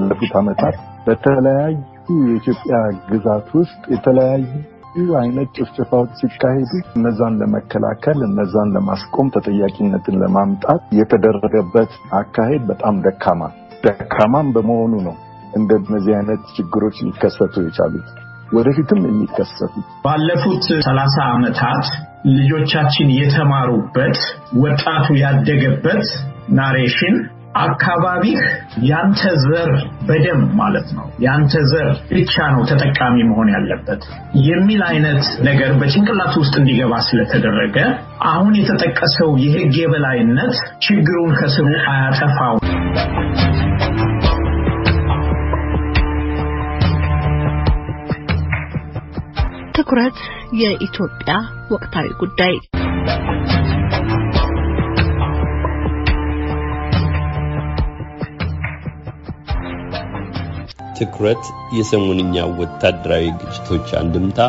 ባለፉት ዓመታት በተለያዩ የኢትዮጵያ ግዛት ውስጥ የተለያዩ አይነት ጭፍጭፋዎች ሲካሄዱ እነዛን ለመከላከል እነዛን ለማስቆም ተጠያቂነትን ለማምጣት የተደረገበት አካሄድ በጣም ደካማ ደካማም በመሆኑ ነው እንደነዚህ አይነት ችግሮች ሊከሰቱ የቻሉት ወደፊትም የሚከሰቱት። ባለፉት ሰላሳ ዓመታት ልጆቻችን የተማሩበት ወጣቱ ያደገበት ናሬሽን አካባቢህ ያንተ ዘር በደም ማለት ነው ያንተ ዘር ብቻ ነው ተጠቃሚ መሆን ያለበት የሚል አይነት ነገር በጭንቅላት ውስጥ እንዲገባ ስለተደረገ አሁን የተጠቀሰው የህግ የበላይነት ችግሩን ከስሩ አያጠፋው። ትኩረት የኢትዮጵያ ወቅታዊ ጉዳይ ትኩረት የሰሞንኛ ወታደራዊ ግጭቶች አንድምታ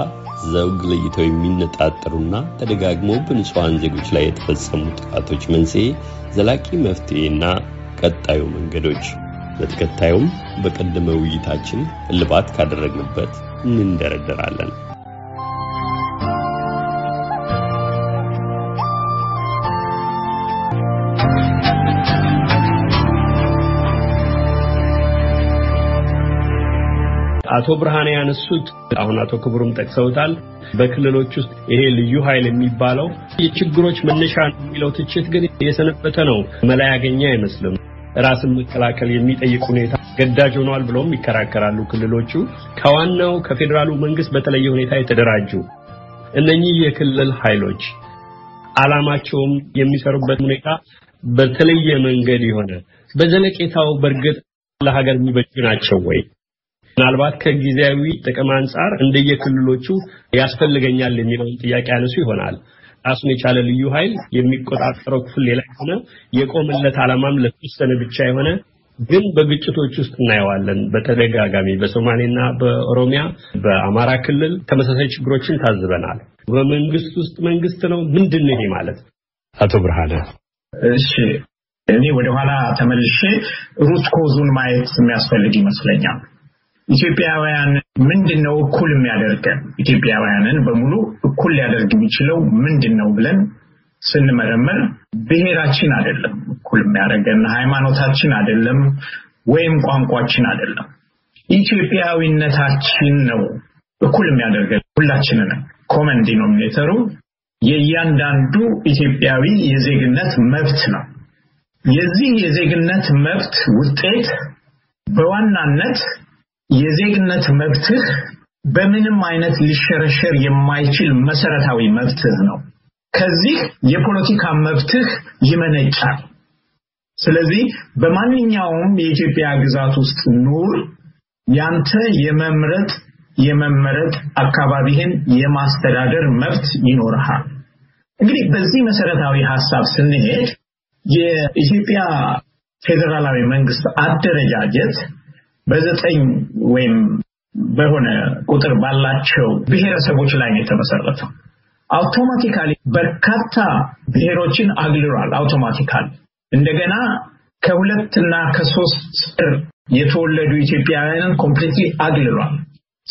ዘውግ ለይተው የሚነጣጠሩና ተደጋግሞ በንጹሐን ዜጎች ላይ የተፈጸሙ ጥቃቶች መንስኤ፣ ዘላቂ መፍትሄና ቀጣዩ መንገዶች በተከታዩም በቀደመ ውይይታችን እልባት ካደረግንበት እንደረደራለን። አቶ ብርሃን ያነሱት አሁን አቶ ክቡርም ጠቅሰውታል። በክልሎች ውስጥ ይሄ ልዩ ኃይል የሚባለው የችግሮች መነሻ ነው የሚለው ትችት ግን የሰነበተ ነው። መላ ያገኘ አይመስልም። ራስን መከላከል የሚጠይቅ ሁኔታ ገዳጅ ሆኗል ብለውም ይከራከራሉ። ክልሎቹ ከዋናው ከፌዴራሉ መንግስት በተለየ ሁኔታ የተደራጁ እነኚህ የክልል ኃይሎች ዓላማቸውም የሚሰሩበት ሁኔታ በተለየ መንገድ የሆነ በዘለቄታው በእርግጥ ለሀገር የሚበጁ ናቸው ወይ? ምናልባት ከጊዜያዊ ጥቅም አንጻር እንደየክልሎቹ ያስፈልገኛል የሚለውን ጥያቄ ያነሱ ይሆናል። ራሱን የቻለ ልዩ ኃይል የሚቆጣጠረው ክፍል ሌላ የሆነ የቆመለት ዓላማም ለተወሰነ ብቻ የሆነ ግን በግጭቶች ውስጥ እናየዋለን። በተደጋጋሚ በሶማሌና በኦሮሚያ በአማራ ክልል ተመሳሳይ ችግሮችን ታዝበናል። በመንግስት ውስጥ መንግስት ነው ምንድን ነው ይሄ ማለት? አቶ ብርሃነ እሺ፣ እኔ ወደኋላ ተመልሼ ሩት ኮዙን ማየት የሚያስፈልግ ይመስለኛል። ኢትዮጵያውያን ምንድን ነው እኩል የሚያደርገን? ኢትዮጵያውያንን በሙሉ እኩል ሊያደርግ የሚችለው ምንድን ነው ብለን ስንመረመር ብሔራችን አይደለም እኩል የሚያደርገን፣ ሃይማኖታችን አይደለም፣ ወይም ቋንቋችን አይደለም። ኢትዮጵያዊነታችን ነው እኩል የሚያደርገን ሁላችንን። ኮመን ዲኖሚኔተሩ የእያንዳንዱ ኢትዮጵያዊ የዜግነት መብት ነው። የዚህ የዜግነት መብት ውጤት በዋናነት የዜግነት መብትህ በምንም አይነት ሊሸረሸር የማይችል መሰረታዊ መብትህ ነው። ከዚህ የፖለቲካ መብትህ ይመነጫል። ስለዚህ በማንኛውም የኢትዮጵያ ግዛት ውስጥ ኑር፣ ያንተ የመምረጥ የመመረጥ አካባቢህን የማስተዳደር መብት ይኖርሃል። እንግዲህ በዚህ መሰረታዊ ሀሳብ ስንሄድ የኢትዮጵያ ፌዴራላዊ መንግስት አደረጃጀት በዘጠኝ ወይም በሆነ ቁጥር ባላቸው ብሔረሰቦች ላይ ነው የተመሰረተው። አውቶማቲካሊ በርካታ ብሔሮችን አግልሏል። አውቶማቲካሊ እንደገና ከሁለት እና ከሶስት ጥር የተወለዱ ኢትዮጵያውያንን ኮምፕሊትሊ አግልሏል።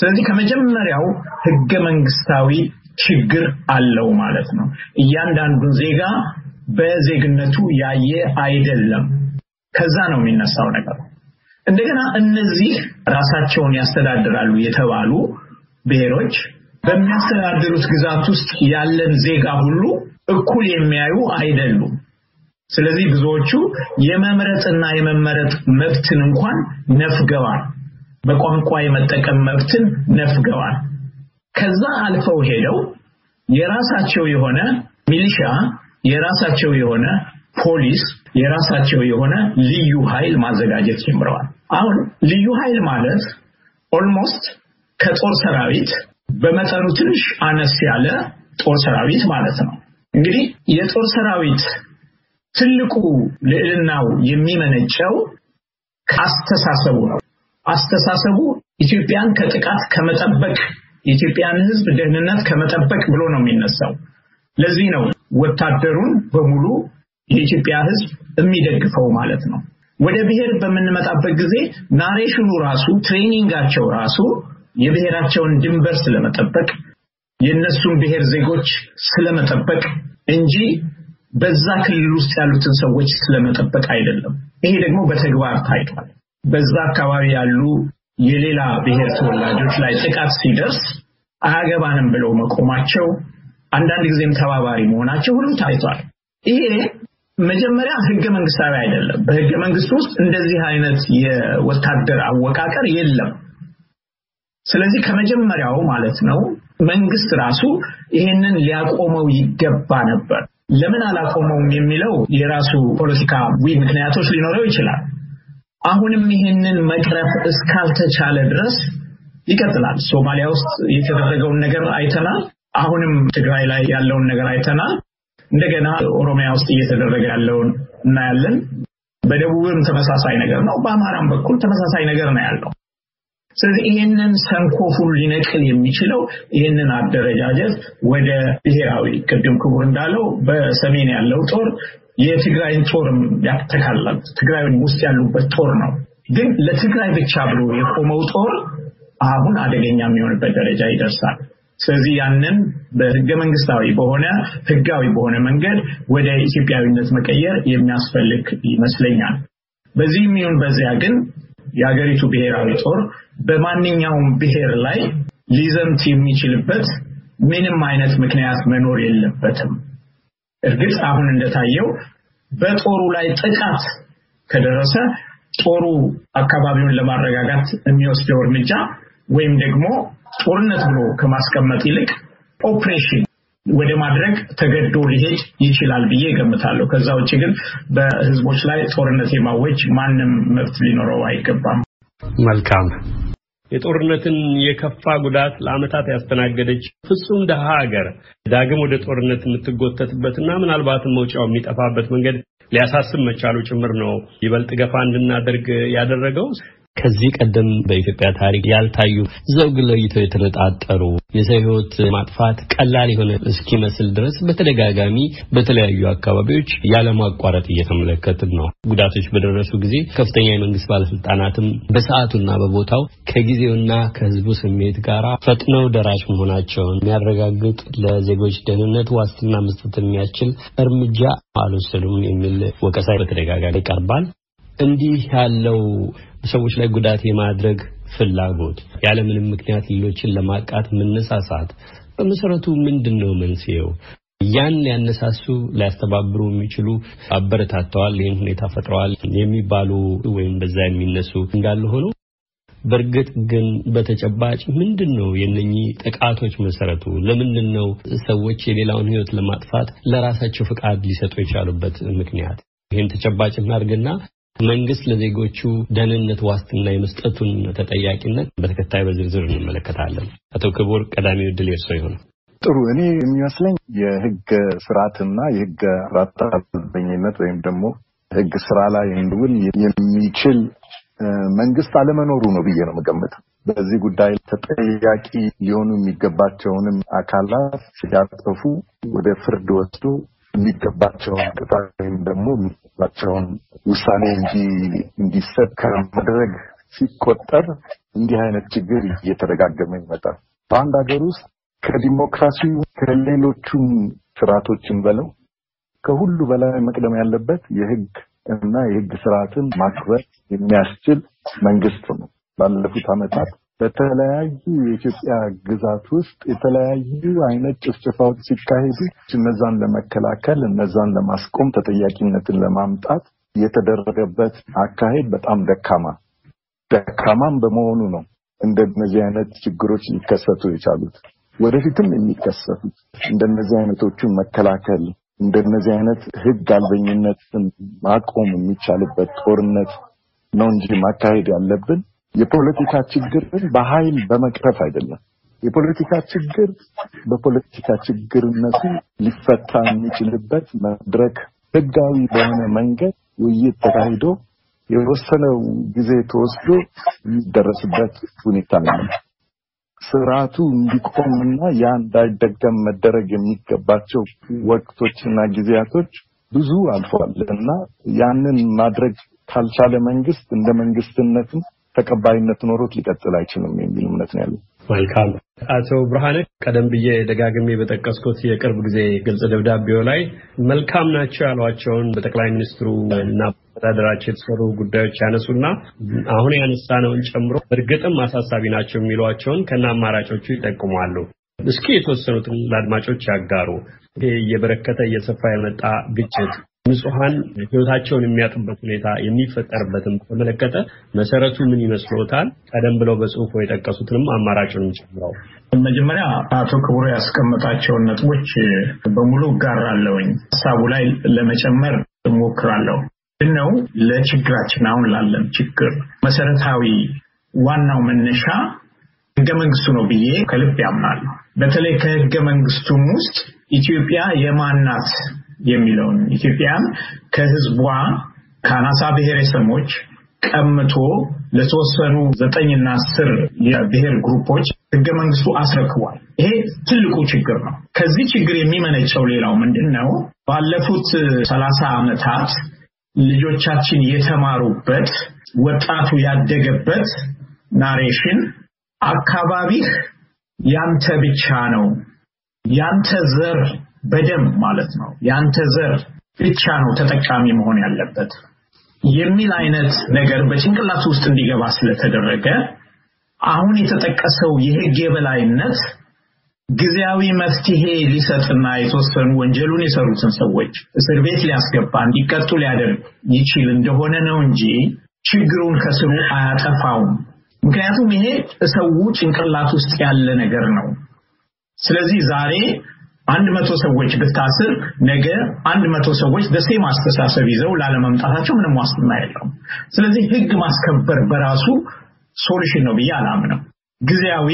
ስለዚህ ከመጀመሪያው ህገ መንግስታዊ ችግር አለው ማለት ነው። እያንዳንዱን ዜጋ በዜግነቱ ያየ አይደለም። ከዛ ነው የሚነሳው ነገር። እንደገና እነዚህ ራሳቸውን ያስተዳድራሉ የተባሉ ብሔሮች በሚያስተዳድሩት ግዛት ውስጥ ያለን ዜጋ ሁሉ እኩል የሚያዩ አይደሉም። ስለዚህ ብዙዎቹ የመምረጥና የመመረጥ መብትን እንኳን ነፍገዋል። በቋንቋ የመጠቀም መብትን ነፍገዋል። ከዛ አልፈው ሄደው የራሳቸው የሆነ ሚሊሻ፣ የራሳቸው የሆነ ፖሊስ የራሳቸው የሆነ ልዩ ኃይል ማዘጋጀት ጀምረዋል። አሁን ልዩ ኃይል ማለት ኦልሞስት ከጦር ሰራዊት በመጠኑ ትንሽ አነስ ያለ ጦር ሰራዊት ማለት ነው። እንግዲህ የጦር ሰራዊት ትልቁ ልዕልናው የሚመነጨው ከአስተሳሰቡ ነው። አስተሳሰቡ ኢትዮጵያን ከጥቃት ከመጠበቅ፣ የኢትዮጵያን ሕዝብ ደህንነት ከመጠበቅ ብሎ ነው የሚነሳው። ለዚህ ነው ወታደሩን በሙሉ የኢትዮጵያ ህዝብ የሚደግፈው ማለት ነው። ወደ ብሔር በምንመጣበት ጊዜ ናሬሽኑ ራሱ ትሬኒንጋቸው ራሱ የብሔራቸውን ድንበር ስለመጠበቅ የእነሱን ብሔር ዜጎች ስለመጠበቅ እንጂ በዛ ክልል ውስጥ ያሉትን ሰዎች ስለመጠበቅ አይደለም። ይሄ ደግሞ በተግባር ታይቷል። በዛ አካባቢ ያሉ የሌላ ብሔር ተወላጆች ላይ ጥቃት ሲደርስ አያገባንም ብለው መቆማቸው፣ አንዳንድ ጊዜም ተባባሪ መሆናቸው ሁሉም ታይቷል። ይሄ መጀመሪያ ህገ መንግስታዊ አይደለም። በህገ መንግስት ውስጥ እንደዚህ አይነት የወታደር አወቃቀር የለም። ስለዚህ ከመጀመሪያው ማለት ነው መንግስት ራሱ ይሄንን ሊያቆመው ይገባ ነበር። ለምን አላቆመውም የሚለው የራሱ ፖለቲካ ምክንያቶች ሊኖረው ይችላል። አሁንም ይሄንን መቅረፍ እስካልተቻለ ድረስ ይቀጥላል። ሶማሊያ ውስጥ የተደረገውን ነገር አይተናል። አሁንም ትግራይ ላይ ያለውን ነገር አይተናል። እንደገና ኦሮሚያ ውስጥ እየተደረገ ያለውን እናያለን። በደቡብም ተመሳሳይ ነገር ነው። በአማራም በኩል ተመሳሳይ ነገር ነው ያለው። ስለዚህ ይህንን ሰንኮፉን ሊነቅል የሚችለው ይህንን አደረጃጀት ወደ ብሔራዊ ቅድም ክቡር እንዳለው በሰሜን ያለው ጦር የትግራይን ጦርም ያተካላል ትግራይ ውስጥ ያሉበት ጦር ነው። ግን ለትግራይ ብቻ ብሎ የቆመው ጦር አሁን አደገኛ የሚሆንበት ደረጃ ይደርሳል። ስለዚህ ያንን በህገ መንግስታዊ በሆነ ህጋዊ በሆነ መንገድ ወደ ኢትዮጵያዊነት መቀየር የሚያስፈልግ ይመስለኛል። በዚህም ይሁን በዚያ ግን የሀገሪቱ ብሔራዊ ጦር በማንኛውም ብሔር ላይ ሊዘምት የሚችልበት ምንም አይነት ምክንያት መኖር የለበትም። እርግጥ አሁን እንደታየው በጦሩ ላይ ጥቃት ከደረሰ ጦሩ አካባቢውን ለማረጋጋት የሚወስደው እርምጃ ወይም ደግሞ ጦርነት ብሎ ከማስቀመጥ ይልቅ ኦፕሬሽን ወደ ማድረግ ተገዶ ሊሄድ ይችላል ብዬ ገምታለሁ። ከዛ ውጭ ግን በህዝቦች ላይ ጦርነት የማወጅ ማንም መብት ሊኖረው አይገባም። መልካም። የጦርነትን የከፋ ጉዳት ለአመታት ያስተናገደች ፍጹም ደሀ ሀገር ዳግም ወደ ጦርነት የምትጎተትበትና ምናልባትም መውጫው የሚጠፋበት መንገድ ሊያሳስብ መቻሉ ጭምር ነው ይበልጥ ገፋ እንድናደርግ ያደረገው። ከዚህ ቀደም በኢትዮጵያ ታሪክ ያልታዩ ዘውግ ለይተው የተነጣጠሩ የሰው ሕይወት ማጥፋት ቀላል የሆነ እስኪመስል ድረስ በተደጋጋሚ በተለያዩ አካባቢዎች ያለማቋረጥ እየተመለከትን ነው። ጉዳቶች በደረሱ ጊዜ ከፍተኛ የመንግስት ባለስልጣናትም በሰዓቱና በቦታው ከጊዜውና ከህዝቡ ስሜት ጋር ፈጥነው ደራሽ መሆናቸውን የሚያረጋግጥ ለዜጎች ደህንነት ዋስትና መስጠት የሚያስችል እርምጃ አልወሰዱም የሚል ወቀሳ በተደጋጋሚ ይቀርባል። እንዲህ ያለው በሰዎች ላይ ጉዳት የማድረግ ፍላጎት፣ ያለምንም ምክንያት ሌሎችን ለማጥቃት መነሳሳት በመሰረቱ ምንድን ነው መንስኤው? ያን ሊያነሳሱ ሊያስተባብሩ የሚችሉ አበረታተዋል፣ ይህን ሁኔታ ፈጥረዋል የሚባሉ ወይም በዛ የሚነሱ እንዳለ ሆኖ በእርግጥ ግን በተጨባጭ ምንድን ነው የነኚህ ጥቃቶች መሰረቱ? ለምንድን ነው ሰዎች የሌላውን ሕይወት ለማጥፋት ለራሳቸው ፍቃድ ሊሰጡ የቻሉበት ምክንያት? ይህን ተጨባጭ እናድርግና መንግስት ለዜጎቹ ደህንነት ዋስትና የመስጠቱን ተጠያቂነት በተከታይ በዝርዝር እንመለከታለን። አቶ ክቡር ቀዳሚ ውድል የእርሶ ይሆነ። ጥሩ እኔ የሚመስለኝ የህግ ስርዓትና የህግ ስርዓት አልበኝነት ወይም ደግሞ ህግ ስራ ላይ እንዲውል የሚችል መንግስት አለመኖሩ ነው ብዬ ነው የምገምተው። በዚህ ጉዳይ ተጠያቂ ሊሆኑ የሚገባቸውንም አካላት ሲያጠፉ ወደ ፍርድ ወስዶ የሚገባቸውን ቅጣት ወይም ደግሞ የሚገባቸውን ውሳኔ እንጂ እንዲሰጥ ከማድረግ ሲቆጠር እንዲህ አይነት ችግር እየተደጋገመ ይመጣል። በአንድ ሀገር ውስጥ ከዲሞክራሲው ከሌሎቹም ስርዓቶችን በለው ከሁሉ በላይ መቅደም ያለበት የህግ እና የህግ ስርዓትን ማክበር የሚያስችል መንግስት ነው። ባለፉት ዓመታት በተለያዩ የኢትዮጵያ ግዛት ውስጥ የተለያዩ አይነት ጭፍጨፋዎች ሲካሄዱ እነዛን ለመከላከል እነዛን ለማስቆም ተጠያቂነትን ለማምጣት የተደረገበት አካሄድ በጣም ደካማ ደካማም በመሆኑ ነው እንደነዚህ አይነት ችግሮች ሊከሰቱ የቻሉት ወደፊትም የሚከሰቱት እንደነዚህ አይነቶቹን መከላከል እንደነዚህ አይነት ህግ አልበኝነትን ማቆም የሚቻልበት ጦርነት ነው እንጂ ማካሄድ ያለብን የፖለቲካ ችግርን በኃይል በመቅረፍ አይደለም። የፖለቲካ ችግር በፖለቲካ ችግርነቱ ሊፈታ የሚችልበት መድረክ ህጋዊ በሆነ መንገድ ውይይት ተካሂዶ የወሰነው ጊዜ ተወስዶ የሚደረስበት ሁኔታ ነው። ስርዓቱ እንዲቆምና ያ እንዳይደገም መደረግ የሚገባቸው ወቅቶችና ጊዜያቶች ብዙ አልፈዋል እና ያንን ማድረግ ካልቻለ መንግስት እንደ መንግስትነትም ተቀባይነት ኖሮት ሊቀጥል አይችልም የሚል እምነት ነው ያለው። መልካም አቶ ብርሃነ ቀደም ብዬ ደጋግሜ በጠቀስኩት የቅርብ ጊዜ ግልጽ ደብዳቤው ላይ መልካም ናቸው ያሏቸውን በጠቅላይ ሚኒስትሩ እና አስተዳደራቸው የተሰሩ ጉዳዮች ያነሱና አሁን ያነሳነውን ጨምሮ እርግጥም አሳሳቢ ናቸው የሚሏቸውን ከነ አማራጮቹ ይጠቁማሉ። እስኪ የተወሰኑትን ለአድማጮች ያጋሩ። ይሄ እየበረከተ እየሰፋ የመጣ ግጭት ንጹሐን ህይወታቸውን የሚያጡበት ሁኔታ የሚፈጠርበትን በተመለከተ መሰረቱ ምን ይመስሎታል? ቀደም ብለው በጽሁፎ የጠቀሱትንም አማራጭንም ጨምረው መጀመሪያ አቶ ክቡር ያስቀመጣቸውን ነጥቦች በሙሉ እጋራለሁኝ። ሀሳቡ ላይ ለመጨመር እሞክራለሁ። ምንድነው ለችግራችን አሁን ላለን ችግር መሰረታዊ ዋናው መነሻ ህገ መንግስቱ ነው ብዬ ከልብ ያምናለሁ። በተለይ ከህገ መንግስቱም ውስጥ ኢትዮጵያ የማናት የሚለውን ኢትዮጵያን ከህዝቧ ከአናሳ ብሔረሰቦች ቀምቶ ለተወሰኑ ዘጠኝና አስር የብሔር ግሩፖች ህገ መንግስቱ አስረክቧል። ይሄ ትልቁ ችግር ነው። ከዚህ ችግር የሚመነጨው ሌላው ምንድን ነው? ባለፉት ሰላሳ ዓመታት ልጆቻችን የተማሩበት ወጣቱ ያደገበት ናሬሽን አካባቢህ ያንተ ብቻ ነው፣ ያንተ ዘር በደም ማለት ነው ያንተ ዘር ብቻ ነው ተጠቃሚ መሆን ያለበት የሚል አይነት ነገር በጭንቅላት ውስጥ እንዲገባ ስለተደረገ አሁን የተጠቀሰው የህግ የበላይነት ጊዜያዊ መፍትሄ ሊሰጥና የተወሰኑ ወንጀሉን የሰሩትን ሰዎች እስር ቤት ሊያስገባ እንዲቀጡ ሊያደርግ ይችል እንደሆነ ነው እንጂ ችግሩን ከስሩ አያጠፋውም። ምክንያቱም ይሄ ሰው ጭንቅላት ውስጥ ያለ ነገር ነው። ስለዚህ ዛሬ አንድ መቶ ሰዎች ብታስር ነገ አንድ መቶ ሰዎች ደሴ አስተሳሰብ ይዘው ላለመምጣታቸው ምንም ዋስትና የለውም። ስለዚህ ህግ ማስከበር በራሱ ሶሉሽን ነው ብዬ አላምነው ጊዜያዊ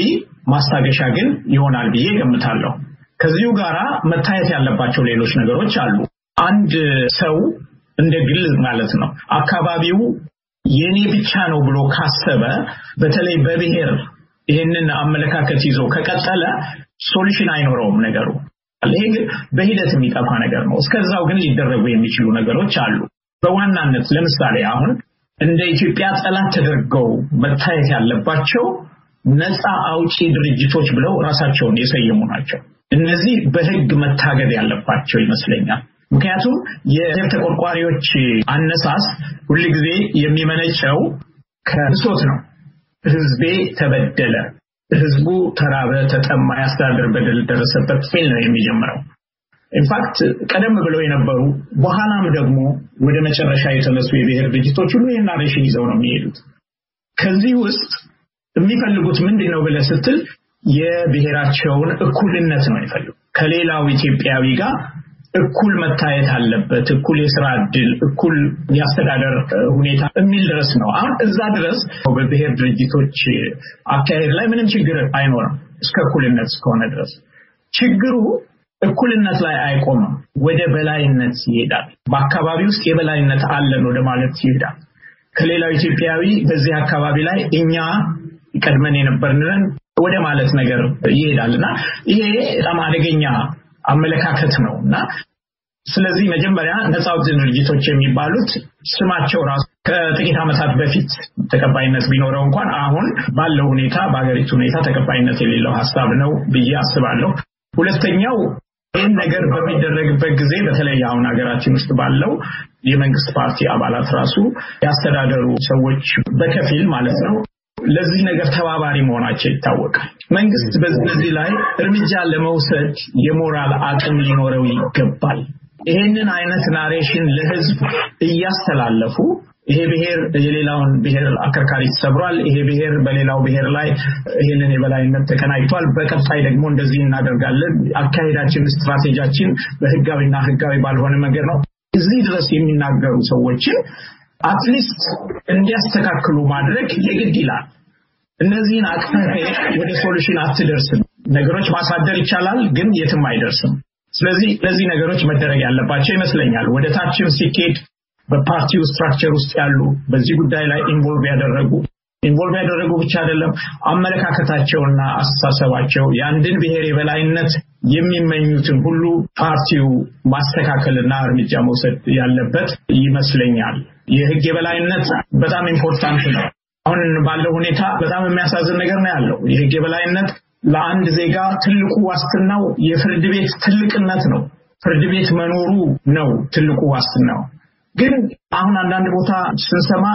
ማስታገሻ ግን ይሆናል ብዬ ገምታለሁ። ከዚሁ ጋራ መታየት ያለባቸው ሌሎች ነገሮች አሉ። አንድ ሰው እንደ ግል ማለት ነው አካባቢው የኔ ብቻ ነው ብሎ ካሰበ በተለይ በብሔር ይህንን አመለካከት ይዞ ከቀጠለ ሶሉሽን አይኖረውም ነገሩ። ይሄ በሂደት የሚጠፋ ነገር ነው። እስከዛው ግን ሊደረጉ የሚችሉ ነገሮች አሉ። በዋናነት ለምሳሌ አሁን እንደ ኢትዮጵያ ጠላት ተደርገው መታየት ያለባቸው ነፃ አውጪ ድርጅቶች ብለው ራሳቸውን የሰየሙ ናቸው። እነዚህ በህግ መታገድ ያለባቸው ይመስለኛል። ምክንያቱም የዘር ተቆርቋሪዎች አነሳስ ሁልጊዜ የሚመነጨው ከብሶት ነው። ህዝቤ ተበደለ ህዝቡ ተራበ፣ ተጠማ፣ የአስተዳደር በደል ደረሰበት ሚል ነው የሚጀምረው። ኢንፋክት ቀደም ብለው የነበሩ በኋላም ደግሞ ወደ መጨረሻ የተነሱ የብሔር ድርጅቶች ሁሉ ይህን ይዘው ነው የሚሄዱት። ከዚህ ውስጥ የሚፈልጉት ምንድን ነው ብለህ ስትል የብሔራቸውን እኩልነት ነው የሚፈልጉ ከሌላው ኢትዮጵያዊ ጋር እኩል መታየት አለበት፣ እኩል የስራ እድል፣ እኩል የአስተዳደር ሁኔታ የሚል ድረስ ነው። አሁን እዛ ድረስ በብሔር ድርጅቶች አካሄድ ላይ ምንም ችግር አይኖርም እስከ እኩልነት እስከሆነ ድረስ ችግሩ እኩልነት ላይ አይቆምም። ወደ በላይነት ይሄዳል። በአካባቢ ውስጥ የበላይነት አለን ወደ ማለት ይሄዳል። ከሌላው ኢትዮጵያዊ በዚህ አካባቢ ላይ እኛ ቀድመን የነበርንን ወደ ማለት ነገር ይሄዳል እና ይሄ በጣም አደገኛ አመለካከት ነው እና ስለዚህ መጀመሪያ ነፃው ድርጅቶች የሚባሉት ስማቸው ራሱ ከጥቂት ዓመታት በፊት ተቀባይነት ቢኖረው እንኳን አሁን ባለው ሁኔታ በሀገሪቱ ሁኔታ ተቀባይነት የሌለው ሀሳብ ነው ብዬ አስባለሁ። ሁለተኛው ይህን ነገር በሚደረግበት ጊዜ በተለይ አሁን ሀገራችን ውስጥ ባለው የመንግስት ፓርቲ አባላት ራሱ ያስተዳደሩ ሰዎች በከፊል ማለት ነው ለዚህ ነገር ተባባሪ መሆናቸው ይታወቃል። መንግስት በዚህ ላይ እርምጃ ለመውሰድ የሞራል አቅም ሊኖረው ይገባል። ይሄንን አይነት ናሬሽን ለህዝብ እያስተላለፉ ይሄ ብሔር የሌላውን ብሔር አከርካሪ ተሰብሯል፣ ይሄ ብሔር በሌላው ብሔር ላይ ይህንን የበላይነት ተቀናጅቷል፣ በቀጣይ ደግሞ እንደዚህ እናደርጋለን፣ አካሄዳችን፣ ስትራቴጂያችን በህጋዊና ህጋዊ ባልሆነ መንገድ ነው እዚህ ድረስ የሚናገሩ ሰዎችን አትሊስት እንዲያስተካክሉ ማድረግ የግድ ይላል። እነዚህን አቅፈህ ወደ ሶሉሽን አትደርስም። ነገሮች ማሳደር ይቻላል፣ ግን የትም አይደርስም። ስለዚህ እነዚህ ነገሮች መደረግ ያለባቸው ይመስለኛል። ወደ ታችም ሲኬድ በፓርቲው ስትራክቸር ውስጥ ያሉ በዚህ ጉዳይ ላይ ኢንቮልቭ ያደረጉ ኢንቮልቭ ያደረጉ ብቻ አይደለም፣ አመለካከታቸውና አስተሳሰባቸው የአንድን ብሔር የበላይነት የሚመኙትን ሁሉ ፓርቲው ማስተካከልና እርምጃ መውሰድ ያለበት ይመስለኛል። የህግ የበላይነት በጣም ኢምፖርታንት ነው። አሁን ባለው ሁኔታ በጣም የሚያሳዝን ነገር ነው ያለው። የህግ የበላይነት ለአንድ ዜጋ ትልቁ ዋስትናው የፍርድ ቤት ትልቅነት ነው። ፍርድ ቤት መኖሩ ነው ትልቁ ዋስትናው። ግን አሁን አንዳንድ ቦታ ስንሰማ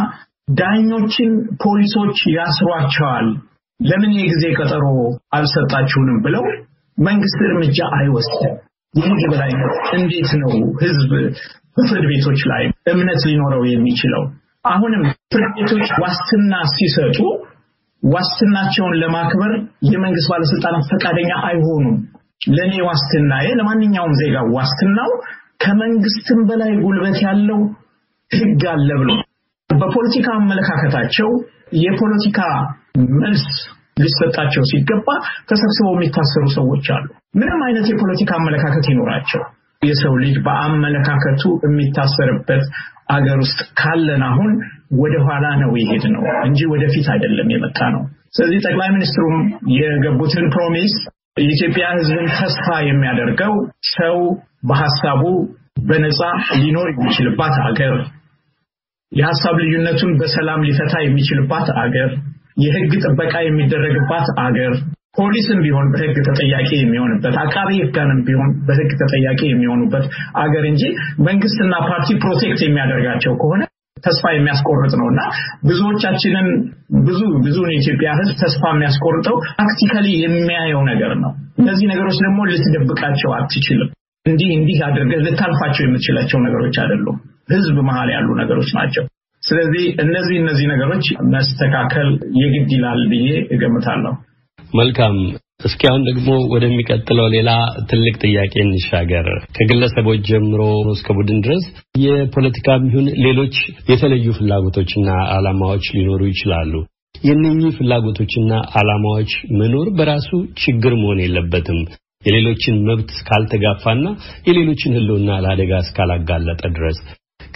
ዳኞችን ፖሊሶች ያስሯቸዋል፣ ለምን የጊዜ ቀጠሮ አልሰጣችሁንም ብለው መንግስት እርምጃ አይወስድም። የህግ በላይነት እንዴት ነው ህዝብ ፍርድ ቤቶች ላይ እምነት ሊኖረው የሚችለው? አሁንም ፍርድ ቤቶች ዋስትና ሲሰጡ ዋስትናቸውን ለማክበር የመንግስት ባለስልጣናት ፈቃደኛ አይሆኑም። ለእኔ ዋስትናዬ ለማንኛውም ዜጋ ዋስትናው ከመንግስትም በላይ ጉልበት ያለው ህግ አለ ብሎ በፖለቲካ አመለካከታቸው የፖለቲካ መልስ ሊሰጣቸው ሲገባ ተሰብስበው የሚታሰሩ ሰዎች አሉ። ምንም አይነት የፖለቲካ አመለካከት ይኖራቸው የሰው ልጅ በአመለካከቱ የሚታሰርበት አገር ውስጥ ካለን አሁን ወደኋላ ነው የሄድ ነው እንጂ ወደፊት አይደለም የመጣ ነው። ስለዚህ ጠቅላይ ሚኒስትሩም የገቡትን ፕሮሚስ የኢትዮጵያ ሕዝብን ተስፋ የሚያደርገው ሰው በሀሳቡ በነፃ ሊኖር የሚችልባት አገር፣ የሀሳብ ልዩነቱን በሰላም ሊፈታ የሚችልባት አገር የህግ ጥበቃ የሚደረግባት አገር ፖሊስም ቢሆን በህግ ተጠያቂ የሚሆንበት አቃቤ ህጋንም ቢሆን በህግ ተጠያቂ የሚሆኑበት አገር እንጂ መንግስትና ፓርቲ ፕሮቴክት የሚያደርጋቸው ከሆነ ተስፋ የሚያስቆርጥ ነው እና ብዙዎቻችንን ብዙ ብዙን የኢትዮጵያ ህዝብ ተስፋ የሚያስቆርጠው ፕራክቲካሊ የሚያየው ነገር ነው። እነዚህ ነገሮች ደግሞ ልትደብቃቸው አትችልም። እንዲህ እንዲህ አድርገህ ልታልፋቸው የምትችላቸው ነገሮች አይደሉም። ህዝብ መሀል ያሉ ነገሮች ናቸው። ስለዚህ እነዚህ እነዚህ ነገሮች መስተካከል የግድ ይላል ብዬ እገምታለሁ። መልካም። እስኪ አሁን ደግሞ ወደሚቀጥለው ሌላ ትልቅ ጥያቄ እንሻገር። ከግለሰቦች ጀምሮ እስከ ቡድን ድረስ የፖለቲካ ይሁን ሌሎች የተለዩ ፍላጎቶችና ዓላማዎች ሊኖሩ ይችላሉ። የእነኚህ ፍላጎቶችና ዓላማዎች መኖር በራሱ ችግር መሆን የለበትም የሌሎችን መብት እስካልተጋፋና የሌሎችን ሕልውና ለአደጋ እስካላጋለጠ ድረስ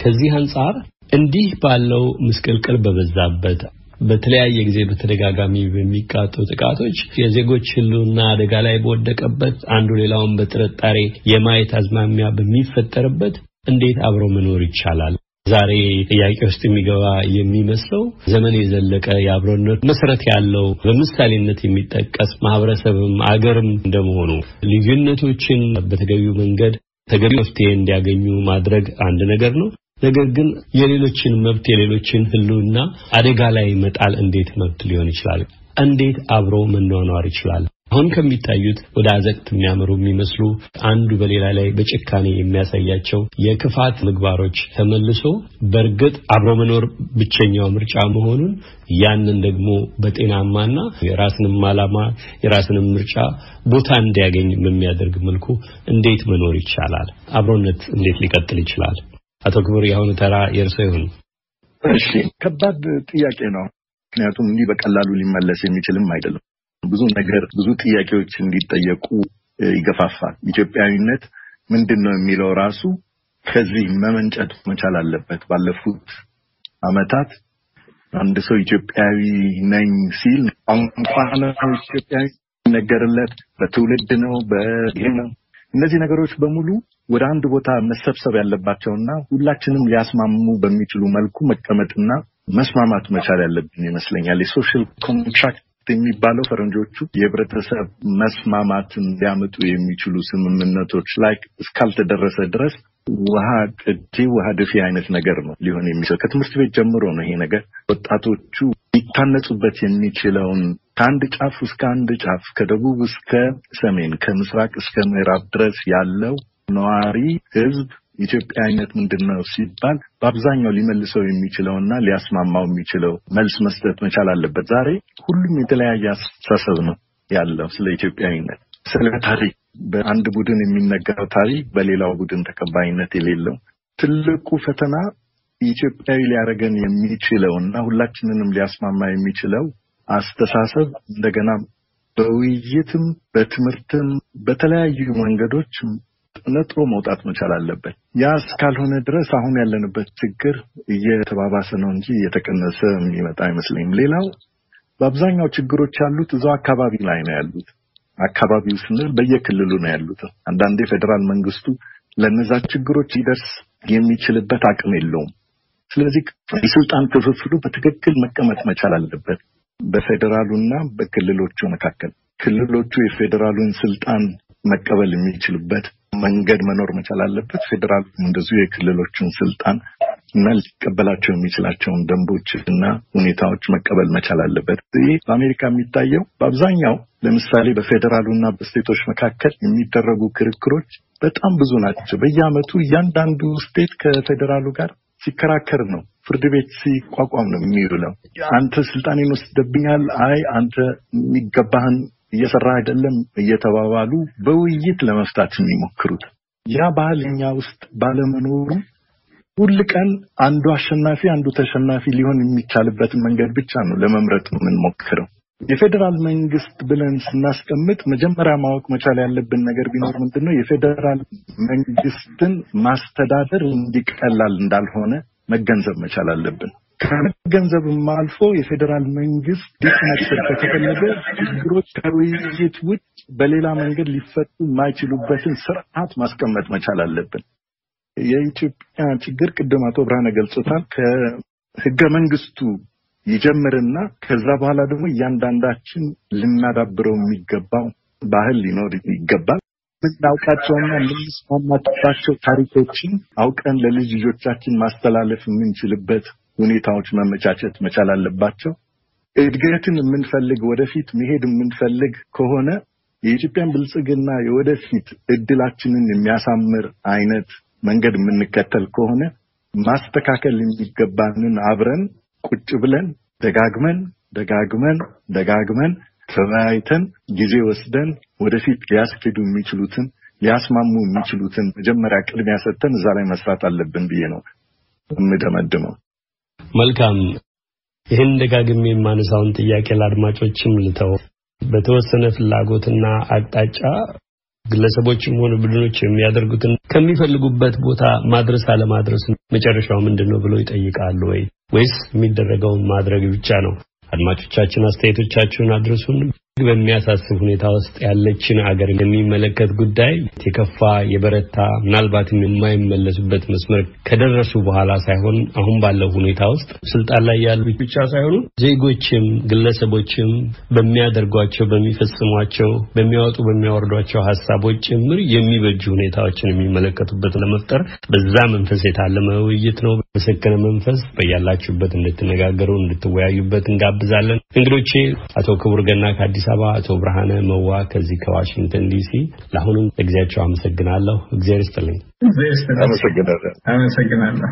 ከዚህ አንጻር እንዲህ ባለው ምስቅልቅል በበዛበት በተለያየ ጊዜ በተደጋጋሚ በሚቃጡ ጥቃቶች የዜጎች ሕልውና አደጋ ላይ በወደቀበት አንዱ ሌላውን በጥርጣሬ የማየት አዝማሚያ በሚፈጠርበት እንዴት አብሮ መኖር ይቻላል? ዛሬ ጥያቄ ውስጥ የሚገባ የሚመስለው ዘመን የዘለቀ የአብሮነት መሰረት ያለው በምሳሌነት የሚጠቀስ ማህበረሰብም አገርም እንደመሆኑ ልዩነቶችን በተገቢው መንገድ ተገቢ መፍትሄ እንዲያገኙ ማድረግ አንድ ነገር ነው። ነገር ግን የሌሎችን መብት የሌሎችን ህልውና አደጋ ላይ መጣል እንዴት መብት ሊሆን ይችላል? እንዴት አብሮ መኗኗር ይችላል? አሁን ከሚታዩት ወደ አዘቅት የሚያመሩ የሚመስሉ አንዱ በሌላ ላይ በጭካኔ የሚያሳያቸው የክፋት ምግባሮች ተመልሶ በእርግጥ አብሮ መኖር ብቸኛው ምርጫ መሆኑን ያንን ደግሞ በጤናማና የራስንም ዓላማ የራስንም ምርጫ ቦታ እንዲያገኝ በሚያደርግ መልኩ እንዴት መኖር ይቻላል? አብሮነት እንዴት ሊቀጥል ይችላል? አቶ ክቡር የአሁኑ ተራ የእርሶ ይሁን። እሺ ከባድ ጥያቄ ነው። ምክንያቱም እንዲህ በቀላሉ ሊመለስ የሚችልም አይደለም። ብዙ ነገር ብዙ ጥያቄዎች እንዲጠየቁ ይገፋፋል። ኢትዮጵያዊነት ምንድን ነው የሚለው ራሱ ከዚህ መመንጨት መቻል አለበት። ባለፉት ዓመታት አንድ ሰው ኢትዮጵያዊ ነኝ ሲል ቋንቋ ነው ኢትዮጵያዊ ነገርለት በትውልድ ነው በይህ ነው እነዚህ ነገሮች በሙሉ ወደ አንድ ቦታ መሰብሰብ ያለባቸውና ሁላችንም ሊያስማሙ በሚችሉ መልኩ መቀመጥና መስማማት መቻል ያለብን ይመስለኛል። የሶሻል ኮንትራክት የሚባለው ፈረንጆቹ የህብረተሰብ መስማማትን ሊያመጡ የሚችሉ ስምምነቶች ላይ እስካልተደረሰ ድረስ ውሃ ቅጂ ውሃ ድፊ አይነት ነገር ነው ሊሆን የሚችለው። ከትምህርት ቤት ጀምሮ ነው ይሄ ነገር ወጣቶቹ ሊታነጹበት የሚችለውን ከአንድ ጫፍ እስከ አንድ ጫፍ ከደቡብ እስከ ሰሜን ከምስራቅ እስከ ምዕራብ ድረስ ያለው ነዋሪ ህዝብ ኢትዮጵያዊነት ምንድን ነው ሲባል በአብዛኛው ሊመልሰው የሚችለው እና ሊያስማማው የሚችለው መልስ መስጠት መቻል አለበት። ዛሬ ሁሉም የተለያየ አስተሳሰብ ነው ያለው ስለ ኢትዮጵያዊነት፣ ስለ ታሪክ። በአንድ ቡድን የሚነገረው ታሪክ በሌላው ቡድን ተቀባይነት የሌለው ትልቁ ፈተና ኢትዮጵያዊ ሊያደርገን የሚችለው እና ሁላችንንም ሊያስማማ የሚችለው አስተሳሰብ እንደገና በውይይትም በትምህርትም በተለያዩ መንገዶች ነጥሮ መውጣት መቻል አለበት። ያ እስካልሆነ ድረስ አሁን ያለንበት ችግር እየተባባሰ ነው እንጂ እየተቀነሰ የሚመጣ አይመስለኝም። ሌላው በአብዛኛው ችግሮች ያሉት እዛው አካባቢ ላይ ነው ያሉት። አካባቢው ስንል በየክልሉ ነው ያሉት። አንዳንዴ ፌዴራል መንግስቱ ለነዛ ችግሮች ሊደርስ የሚችልበት አቅም የለውም። ስለዚህ የስልጣን ክፍፍሉ በትክክል መቀመጥ መቻል አለበት በፌዴራሉና በክልሎቹ መካከል። ክልሎቹ የፌዴራሉን ስልጣን መቀበል የሚችልበት መንገድ መኖር መቻል አለበት። ፌዴራል እንደዚሁ የክልሎችን ስልጣን እና ሊቀበላቸው የሚችላቸውን ደንቦች እና ሁኔታዎች መቀበል መቻል አለበት። ይህ በአሜሪካ የሚታየው በአብዛኛው ለምሳሌ በፌዴራሉ እና በስቴቶች መካከል የሚደረጉ ክርክሮች በጣም ብዙ ናቸው። በየዓመቱ እያንዳንዱ ስቴት ከፌዴራሉ ጋር ሲከራከር ነው ፍርድ ቤት ሲቋቋም ነው የሚውለው። አንተ ስልጣኔን ወስደብኛል፣ አይ አንተ የሚገባህን እየሰራ አይደለም እየተባባሉ በውይይት ለመፍታት የሚሞክሩት ያ ባህል እኛ ውስጥ ባለመኖሩ ሁል ቀን አንዱ አሸናፊ አንዱ ተሸናፊ ሊሆን የሚቻልበትን መንገድ ብቻ ነው ለመምረጥ የምንሞክረው። የፌዴራል መንግስት ብለን ስናስቀምጥ መጀመሪያ ማወቅ መቻል ያለብን ነገር ቢኖር ምንድን ነው የፌዴራል መንግስትን ማስተዳደር እንዲቀላል እንዳልሆነ መገንዘብ መቻል አለብን። ከገንዘብም አልፎ የፌዴራል መንግስት ሊናቸው ከተፈለገ ችግሮች ከውይይት ውጭ በሌላ መንገድ ሊፈቱ የማይችሉበትን ስርዓት ማስቀመጥ መቻል አለብን። የኢትዮጵያ ችግር ቅድም አቶ ብርሃነ ገልጾታል። ከህገ መንግስቱ ይጀምርና ከዛ በኋላ ደግሞ እያንዳንዳችን ልናዳብረው የሚገባው ባህል ሊኖር ይገባል። ምናውቃቸውና የምንስማማባቸው ታሪኮችን አውቀን ለልጅ ልጆቻችን ማስተላለፍ የምንችልበት ሁኔታዎች መመቻቸት መቻል አለባቸው። እድገትን የምንፈልግ ወደፊት መሄድ የምንፈልግ ከሆነ የኢትዮጵያን ብልጽግና የወደፊት እድላችንን የሚያሳምር አይነት መንገድ የምንከተል ከሆነ ማስተካከል የሚገባንን አብረን ቁጭ ብለን ደጋግመን ደጋግመን ደጋግመን ተወያይተን ጊዜ ወስደን ወደፊት ሊያስኬዱ የሚችሉትን ሊያስማሙ የሚችሉትን መጀመሪያ ቅድሚያ ሰጥተን እዛ ላይ መስራት አለብን ብዬ ነው የምደመድመው። መልካም ይህን ደጋግሜ የማነሳውን ጥያቄ ለአድማጮችም ልተው። በተወሰነ ፍላጎትና አቅጣጫ ግለሰቦችም ሆነ ቡድኖች የሚያደርጉትን ከሚፈልጉበት ቦታ ማድረስ አለማድረስ መጨረሻው ምንድን ነው ብሎ ይጠይቃሉ ወይ ወይስ የሚደረገውን ማድረግ ብቻ ነው? አድማጮቻችን አስተያየቶቻችሁን አድርሱን። በሚያሳስብ ሁኔታ ውስጥ ያለችን አገር የሚመለከት ጉዳይ የከፋ የበረታ ምናልባትም የማይመለሱበት መስመር ከደረሱ በኋላ ሳይሆን አሁን ባለው ሁኔታ ውስጥ ስልጣን ላይ ያሉ ብቻ ሳይሆኑ ዜጎችም ግለሰቦችም በሚያደርጓቸው፣ በሚፈጽሟቸው፣ በሚያወጡ በሚያወርዷቸው ሀሳቦች ጭምር የሚበጁ ሁኔታዎችን የሚመለከቱበት ለመፍጠር በዛ መንፈስ የታለመ ውይይት ነው። በሰከነ መንፈስ በያላችሁበት እንድትነጋገሩ እንድትወያዩበት እንጋብዛለን። እንግዶቼ አቶ ክቡር ገና ከአዲስ አበባ አቶ ብርሃነ መዋ ከዚህ ከዋሽንግተን ዲሲ። ለአሁኑም ለጊዜያቸው አመሰግናለሁ። እግዚአብሔር ይስጥልኝ። አመሰግናለሁ።